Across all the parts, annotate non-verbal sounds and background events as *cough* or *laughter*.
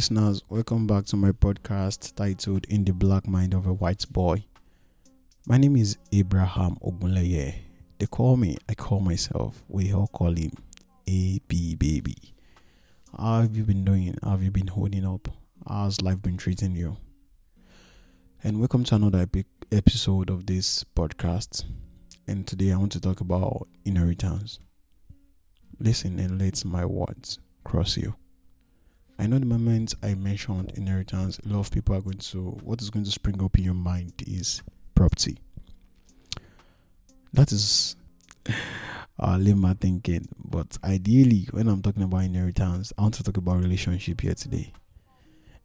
listeners, welcome back to my podcast titled In the Black Mind of a White Boy. My name is Abraham Ogunleye. They call me, I call myself, we all call him AB Baby. How have you been doing? How have you been holding up? How's life been treating you? And welcome to another epic episode of this podcast. And today I want to talk about inheritance. Listen and let my words cross you. I know the moment I mentioned inheritance, a lot of people are going to, what is going to spring up in your mind is property. That is *laughs* our lima thinking. But ideally, when I'm talking about inheritance, I want to talk about relationship here today.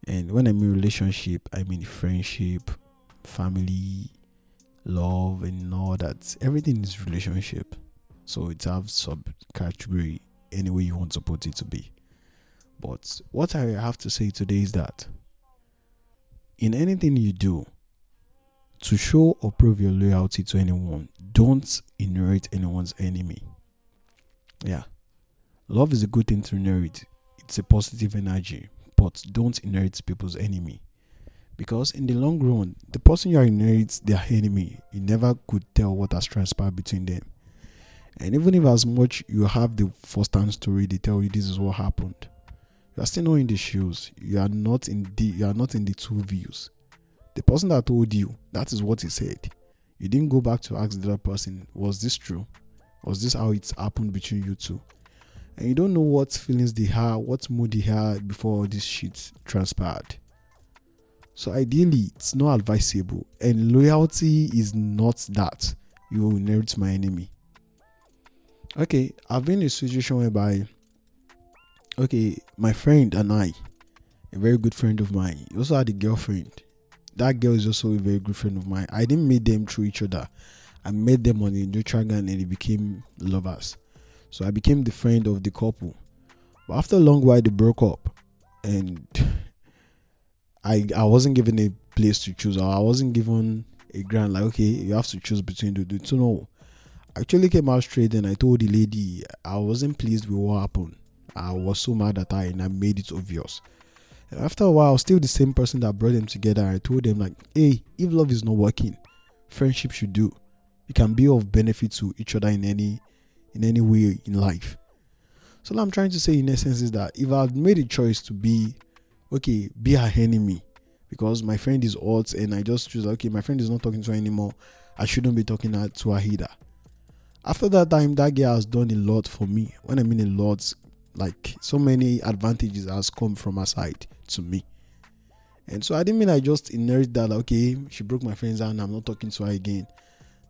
And when I mean relationship, I mean friendship, family, love, and all that. Everything is relationship. So it has subcategory any way you want to put it to be. But what I have to say today is that in anything you do, to show or prove your loyalty to anyone, don't inherit anyone's enemy. Yeah. Love is a good thing to inherit, it's a positive energy, but don't inherit people's enemy. Because in the long run, the person you inherit their enemy, you never could tell what has transpired between them. And even if as much you have the first hand story, they tell you this is what happened you are still not in the shoes. You are not in the you are not in the two views. The person that told you, that is what he said. You didn't go back to ask the other person, was this true? Was this how it happened between you two? And you don't know what feelings they had, what mood they had before this shit transpired. So ideally, it's not advisable, and loyalty is not that. You will inherit my enemy. Okay, I've been in a situation whereby okay, my friend and I, a very good friend of mine, also had a girlfriend. That girl is also a very good friend of mine. I didn't meet them through each other. I met them on a neutral ground and they became lovers. So I became the friend of the couple. But after a long while, they broke up, and *laughs* I I wasn't given a place to choose. I wasn't given a grant like okay, you have to choose between the two. So no, I actually came out straight and I told the lady I wasn't pleased with what happened. I was so mad at her and I made it obvious. And after a while, still the same person that brought them together. I told them, like, hey, if love is not working, friendship should do. It can be of benefit to each other in any in any way in life. So what I'm trying to say in essence is that if I had made a choice to be okay, be her enemy because my friend is odd and I just choose okay, my friend is not talking to her anymore. I shouldn't be talking to her either. After that time, that girl has done a lot for me. When I mean a lot, like so many advantages has come from her side to me. And so I didn't mean I just inherit that like, okay, she broke my friend's hand, I'm not talking to her again.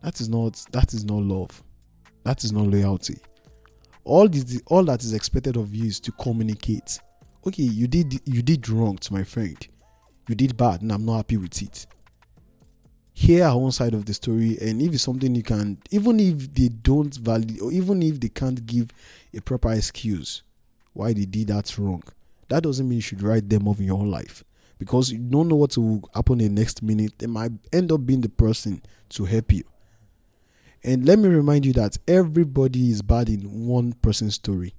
That is not that is not love. That is not loyalty. All this all that is expected of you is to communicate. Okay, you did you did wrong to my friend. You did bad and I'm not happy with it. Hear our own side of the story, and if it's something you can, even if they don't value, or even if they can't give a proper excuse, why they did that wrong. That doesn't mean you should write them off in your whole life because you don't know what will happen in the next minute. They might end up being the person to help you. And let me remind you that everybody is bad in one person's story.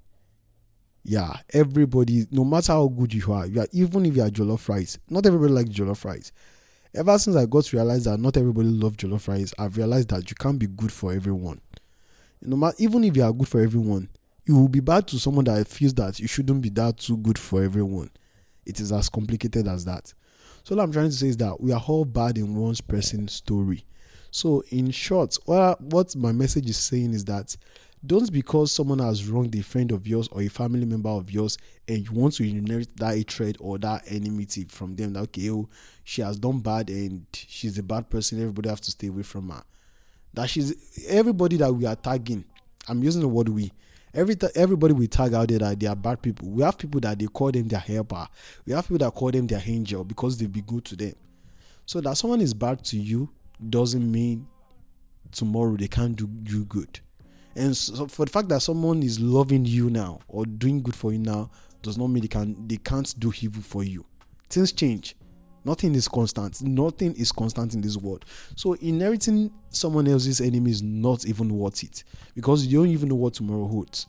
Yeah, everybody, no matter how good you are, you are even if you are jollof rice, not everybody likes jollof rice. Ever since I got to realize that not everybody loves jollof rice, I've realized that you can't be good for everyone. No matter, even if you are good for everyone, you will be bad to someone that feels that you shouldn't be that too good for everyone. It is as complicated as that. So what I'm trying to say is that we are all bad in one person's story. So in short, what what my message is saying is that don't because someone has wronged a friend of yours or a family member of yours and you want to inherit that hatred or that enmity from them that okay oh, she has done bad and she's a bad person everybody has to stay away from her that she's everybody that we are tagging i'm using the word we Every th- everybody we tag out there that they are bad people. We have people that they call them their helper. We have people that call them their angel because they be good to them. So that someone is bad to you doesn't mean tomorrow they can't do you good. And so for the fact that someone is loving you now or doing good for you now does not mean they can they can't do evil for you. Things change. Nothing is constant. Nothing is constant in this world. So inheriting someone else's enemy is not even worth it because you don't even know what tomorrow holds.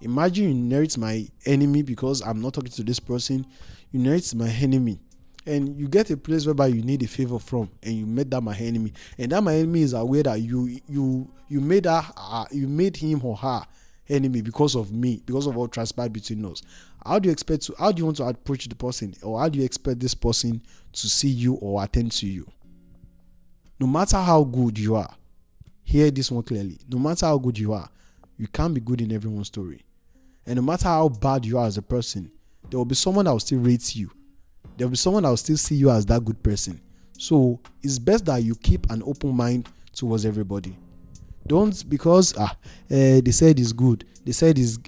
Imagine you inherit my enemy because I'm not talking to this person. You inherit my enemy. And you get a place whereby you need a favor from, and you made that my enemy, and that my enemy is aware that you you you made that uh, you made him or her enemy because of me, because of what transpired between us. How do you expect to how do you want to approach the person or how do you expect this person to see you or attend to you? No matter how good you are, hear this one clearly. No matter how good you are, you can't be good in everyone's story. And no matter how bad you are as a person, there will be someone that will still rate you. There will be someone that will still see you as that good person. So it's best that you keep an open mind towards everybody. Don't because ah, uh, they said it's good. They said it's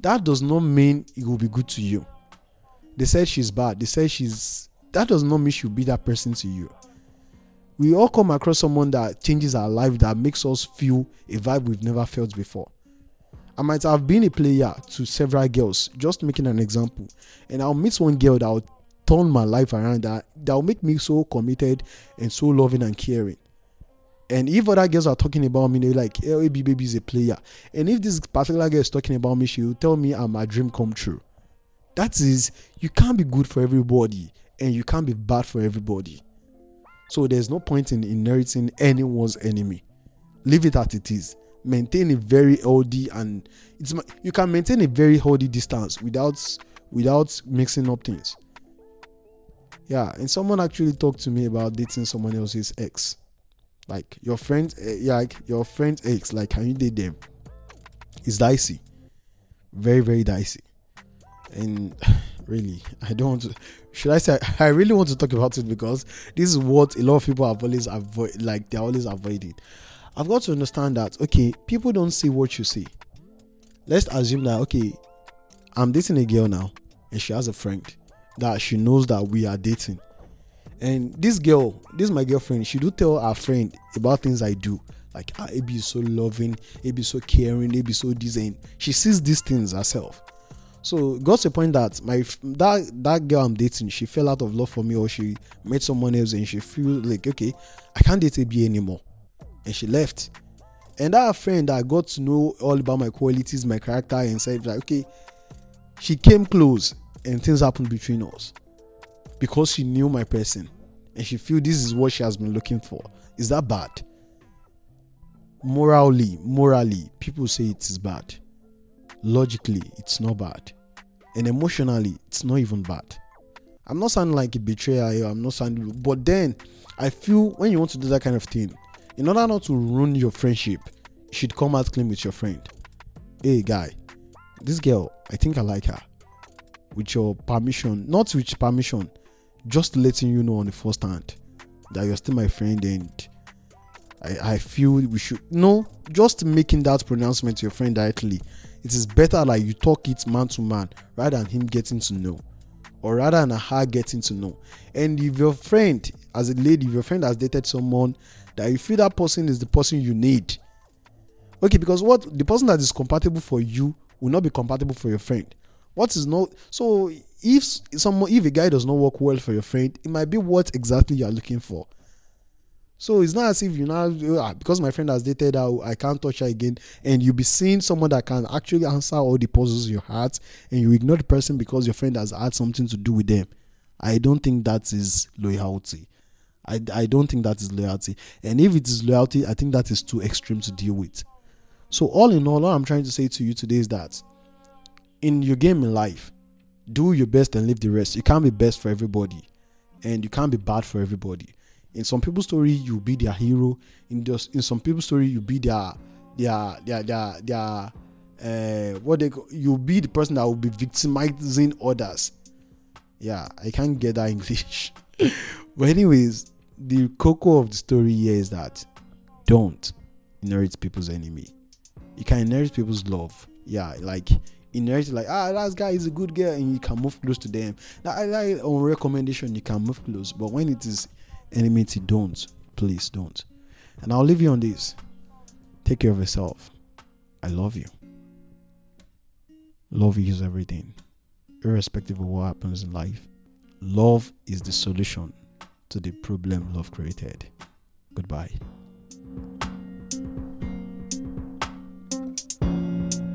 that does not mean it will be good to you. They said she's bad. They said she's that does not mean she'll be that person to you. We all come across someone that changes our life that makes us feel a vibe we've never felt before. I might have been a player to several girls, just making an example, and I'll meet one girl that will turn my life around that that will make me so committed and so loving and caring. And if other girls are talking about me, they're like, LAB baby is a player. And if this particular girl is talking about me, she'll tell me I'm ah, a dream come true. That is, you can't be good for everybody and you can't be bad for everybody. So there's no point in inheriting anyone's enemy. Leave it as it is. Maintain a very healthy and it's you can maintain a very healthy distance without without mixing up things. Yeah, and someone actually talked to me about dating someone else's ex. Like your friends, eh, like your friends' ex, like can you date them? It's dicey, very very dicey, and *sighs* really I don't want to. Should I say I really want to talk about it because this is what a lot of people have always avoid, like they're always avoiding. I've got to understand that okay, people don't see what you see. Let's assume that okay, I'm dating a girl now, and she has a friend that she knows that we are dating and this girl this my girlfriend she do tell her friend about things i do like ah, it be so loving it be so caring it be so decent she sees these things herself so got to a point that my that that girl i'm dating she fell out of love for me or she met someone else and she feel like okay i can't date ab anymore and she left and that friend that got to know all about my qualities my character and said like okay she came close and things happened between us because she knew my person and she feel this is what she has been looking for. Is that bad? Morally, morally, people say it is bad. Logically, it's not bad. And emotionally, it's not even bad. I'm not sounding like a betrayer. I'm not sounding, but then I feel when you want to do that kind of thing, in order not to ruin your friendship, you should come out clean with your friend. Hey, guy, this girl, I think I like her. With your permission, not with permission, just letting you know on the first hand that you're still my friend and I, I feel we should no just making that pronouncement to your friend directly it is better like you talk it man to man rather than him getting to know or rather than her getting to know and if your friend as a lady if your friend has dated someone that you feel that person is the person you need okay because what the person that is compatible for you will not be compatible for your friend what is not so if someone if a guy does not work well for your friend it might be what exactly you are looking for so it's not as if you know ah, because my friend has dated her i can't touch her again and you'll be seeing someone that can actually answer all the puzzles in your heart and you ignore the person because your friend has had something to do with them i don't think that is loyalty i, I don't think that is loyalty and if it is loyalty i think that is too extreme to deal with so all in all all i'm trying to say to you today is that in your game in life do your best and leave the rest. You can't be best for everybody, and you can't be bad for everybody. In some people's story, you be their hero. In just in some people's story, you be their their their their their uh, what they you be the person that will be victimizing others. Yeah, I can't get that *laughs* English. but anyways, the cocoa of the story here is that don't inherit people's enemy. You can inherit people's love. Yeah, like reality, like ah that guy is a good girl and you can move close to them now i like on recommendation you can move close but when it is enmity don't please don't and i'll leave you on this take care of yourself i love you love is everything irrespective of what happens in life love is the solution to the problem love created goodbye